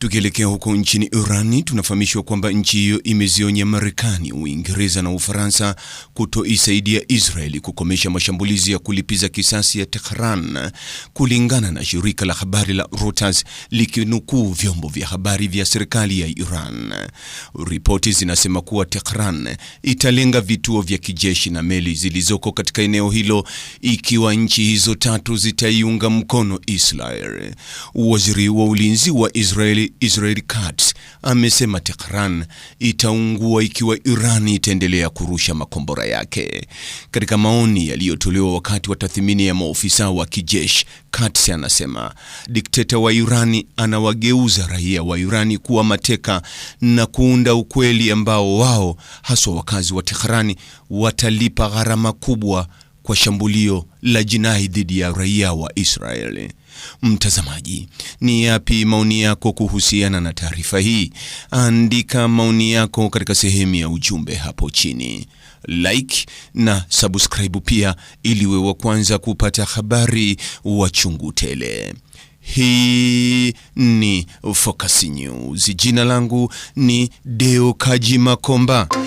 Tukielekea huko nchini Irani, tunafahamishwa kwamba nchi hiyo imezionya Marekani, Uingereza na Ufaransa kutoisaidia Israeli kukomesha mashambulizi ya kulipiza kisasi ya Tehran, kulingana na shirika la habari la Reuters likinukuu vyombo vya habari vya serikali ya Iran. Ripoti zinasema kuwa Tehran italenga vituo vya kijeshi na meli zilizoko katika eneo hilo ikiwa nchi hizo tatu zitaiunga mkono Israel. Waziri wa ulinzi wa Israeli Israel Katz amesema Tehran itaungua ikiwa Iran itaendelea kurusha makombora yake. Katika maoni yaliyotolewa wakati wa tathmini ya maofisa wa kijeshi, Katz anasema dikteta wa Irani anawageuza raia wa Irani kuwa mateka na kuunda ukweli ambao wao haswa wakazi wa Tehran watalipa gharama kubwa kwa shambulio la jinai dhidi ya raia wa Israeli. Mtazamaji, ni yapi maoni yako kuhusiana na taarifa hii? Andika maoni yako katika sehemu ya ujumbe hapo chini. Like na subscribe pia ili uwe wa kwanza kupata habari wa chungu tele. Hii ni Focus News. Jina langu ni Deo Kaji Makomba.